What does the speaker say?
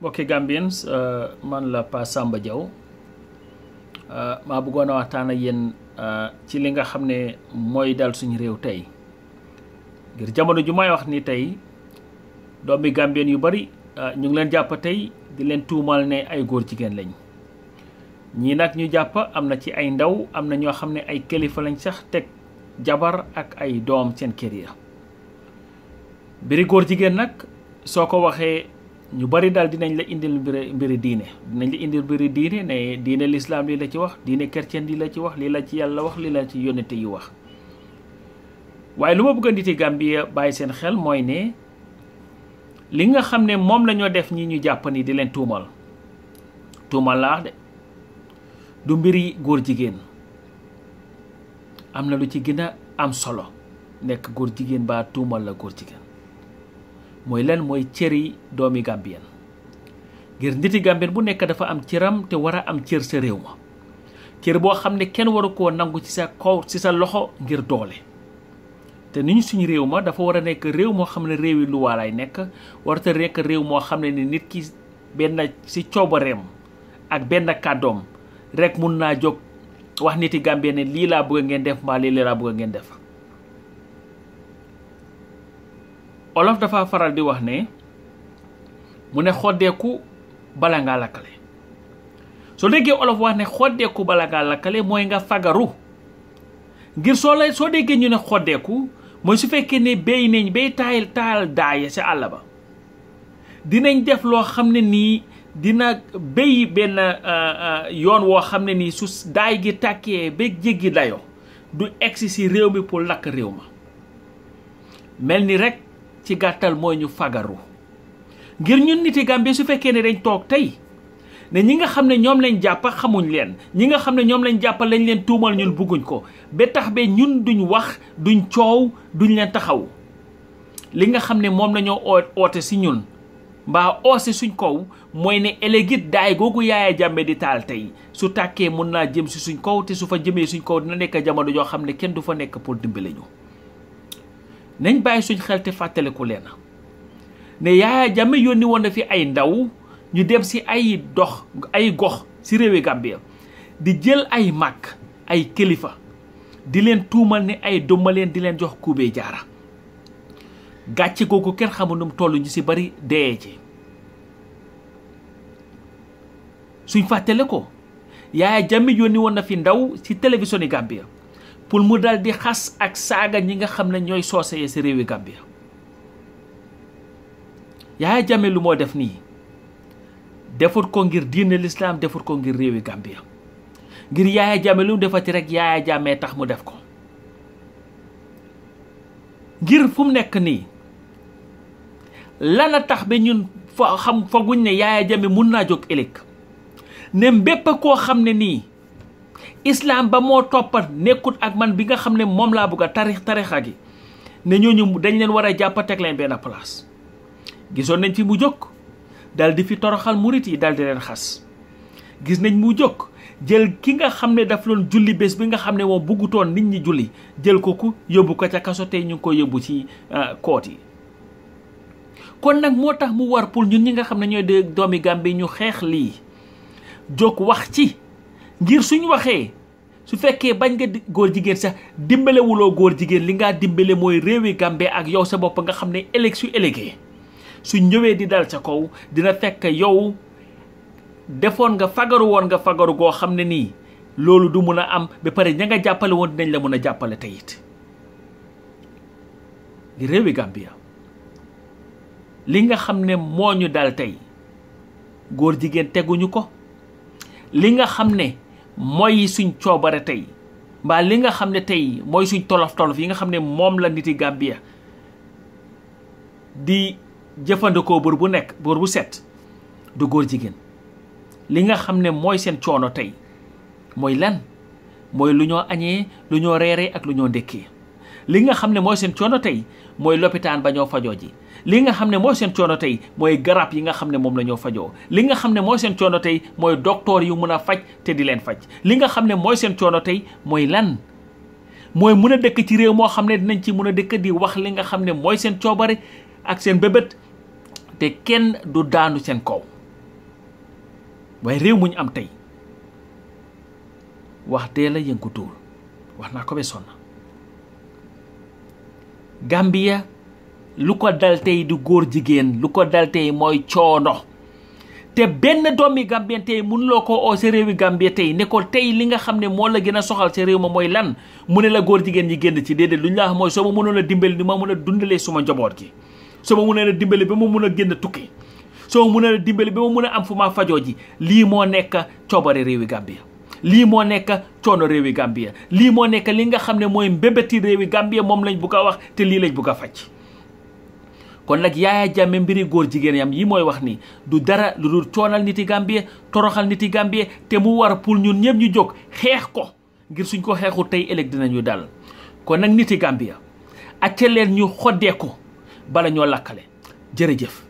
mbokki Gambiens euh, man la Pa Samba jaw euh, ma bëggoon a waxtaan ak yéen euh, ci li nga xam ne mooy dal suñu réew tey ngir jamono ju may wax ni tey doom bi Gambien yu bari ñu ngi leen jàpp tey di leen tuumal ne ay góor jigéen lañ ñii nag ñu jàpp am na ci ay ndaw am na ñoo xam ne ay kilifa lañ sax teg jabar ak ay doom seen kër ya biri góor jigéen nag soo ko waxee. ñu bari daal dinañ la indil mbiri mbiri diine dinañ la indil mbiri diine ne diine lislaam lii la ci wax diine chrétien lii la ci wax lii la ci yàlla wax li la ci yónnete yi wax waaye lu ma bëgg a niti Gambia bàyyi seen xel mooy ne li nga xam ne moom lañoo def ñi ñu jàpp ni di leen tuumal tuumal laa de du mbiri góor jigéen am na lu ci gën a am solo nekk góor jigéen baa tuumal la góor jigéen mooy lan mooy cëri doomi gàmbiyen ngir niti gambien bu nekk dafa am cëram te war a am cër sa réew ma cër boo xam ne kenn waru koo nangu ci sa kaw ci sa loxo ngir doole te ni ñu suñu réew ma dafa war a nekk réew moo xam ne réew yi luwaa lay nekk war a nekk réew moo xam ne ni nit ki benn ci coobareem ak benn kàddoom rek mun naa jóg wax niti gambien ne lii laa bëgg ngeen def mbaa lii laa bëgg ngeen def olof dafa faral di wax ne mu ne xoddeeku bala ngaa lakkale soo déggee olof wax ne xoddeeku bala ngaa lakkale mooy nga fagaru ngir soo lay déggee ñu ne xoddeeku mooy su fekkee ne bey nañ bay taayal taayal daay ci àll ba dinañ def loo xam ne nii dina béy benn euh, euh, yoon woo xam ne nii su daay gi tàkkee ba jéggi dayoo du egsi ci réew mi pour lakk réew ma mel ni rek ci gàttal mooy ñu fagaru ngir ñun niti Gambie su fekkee ne dañ toog tey ne ñi nga xam ne ñoom lañ jàpp xamuñ leen ñi nga xam ne ñoom lañ jàpp lañ leen tuumal ñun bugguñ ko ba tax be ñun duñ wax duñ coow duñ leen taxaw li nga xam ne moom la oote si ñun mbaa oose suñ kaw mooy ne élégit daay googu Yaaya Jammeh di taal tey su tàkkee mun naa jëm si suñ kaw te su fa jëmee suñ kaw dina nekk jamono joo xam ne kenn du fa nekk pour dimbale ñu nañ bàyyi suñ xel te fàttaliku leen ne Yaya jàmme yónni woon na fi ay ndaw ñu dem si ay dox ay gox ci réewi Gambia di jël ay màgg ay kilifa di leen tuumal ni ay dummaleen di leen jox kuubee jaara gàcce googu kenn xamul nu mu toll ñu si bari dee ci suñ fàttale ko Yaya Jammeh yónni woon na fi ndaw ci télévision yi Gambia pour mu dal di xas ak saaga ñi nga xam ne ñooy soose yi si réewi Gambia Yahya Jammeh lu moo def nii defut ko ngir diine lislaam defut ko ngir réewi Gambia ngir Yahya Jammeh lu mu defati rek Yahya Jammeh tax mu def ko ngir fu mu nekk nii lana tax ba ñun fa xam faguñ ne Yahya Jammeh mun naa jóg ëllëg ne mbépp koo xam ne nii islam ba moo toppat nekkut ak man bi nga xam ne moom laa bëgg a tarix tarixa gi ne ñooñu dañ leen war a jàppa teg leen benn place gisoon nañ fi mu jóg dal di fi toroxal murit yi dal di leen xas gis nañ mu jóg jël ki nga xam ne daf loon julli bés bi nga xam ne moom bëggutoon nit ñi julli jël ko ko yóbbu ko ca kaso tey ñu ngi ko yóbbu ci euh, koot yi kon nag moo tax mu war pour ñun ñi nga xam ne ñooy de doomi Gàmbi ñu xeex lii jóg wax ci ngir suñ waxee su fekkee bañ nga góor jigéen sax dimbalewuloo góor jigéen li nga dimbale mooy réewi Gambie ak yow sa bopp nga xam ne éleg su élégee su ñëwee di dal sa kaw dina fekk yow defoon nga fagaru woon nga fagaru goo xam ne nii loolu du mën a am ba pare ña nga jàppale woon dinañ la mën a jàppale teyit it di réewi Gambia li nga xam ne moo ñu dal tey góor jigéen teguñu ko li nga xam ne mooy suñ coobare tey mbaa li nga xam ne tey mooy suñ tolof tolof yi nga xam ne moom la niti Gambia di jëfandikoo bër bu nekk bër bu set du góor jigéen li nga xam ne mooy seen coono tey mooy lan mooy lu ñoo añee lu ñoo reeree ak lu ñoo ndékkee li nga xam ne mooy seen coono tey mooy loppitaan ba ñoo fajoo ji li nga xam ne mooy seen coono tey mooy garab yi nga xam ne moom la ñoo fajoo li nga xam ne mooy seen coono tey mooy docteur yu mun a faj te di leen faj li nga xam ne mooy seen coono tey mooy lan mooy mun a dëkk ci réew moo xam ne dinañ ci mun a dëkk di wax li nga xam ne mooy seen coobare ak seen bëbët te kenn du daanu seen kaw waaye réew mu ñu am tey wax dee la yëngu tuur wax naa ko ba sonn Gambia lu ko dal tey di góor jigéen lu ko dal tey mooy coono te benn doomi Gambien tey mënuloo ko oo sa réewi Gambie tey ne tey li nga xam ne moo la gën a soxal sa réew ma mooy lan mu ne la góor jigéen ñi génn ci déedéet lu ñu la wax mooy soo ma mënoon a dimbali ni ma mën a dundalee suma njaboot gi soo ma mënoon a dimbali ba ma mën a génn tukki soo ma mënoon a dimbali ba ma mën a am fu ma fajoo ji lii moo nekk coobare réewi Gambie lii moo nekk coono réewi Gambia lii moo nekk li nga xam ne mooy mbébéti réewi Gambia moom lañ bugg a wax te lii lañ bugg a faj kon nag Yaya Jammeh mbiri góor jigéen yam yi mooy wax ni du dara lu dul coonal niti Gambie toroxal niti Gambie te mu war pour ñun ñëpp ñu jóg xeex ko ngir suñ ko xeexu tey ëllëg dinañu dal kon nag niti Gambia acca leen ñu xoddee ko bala ñoo lakkale jërëjëf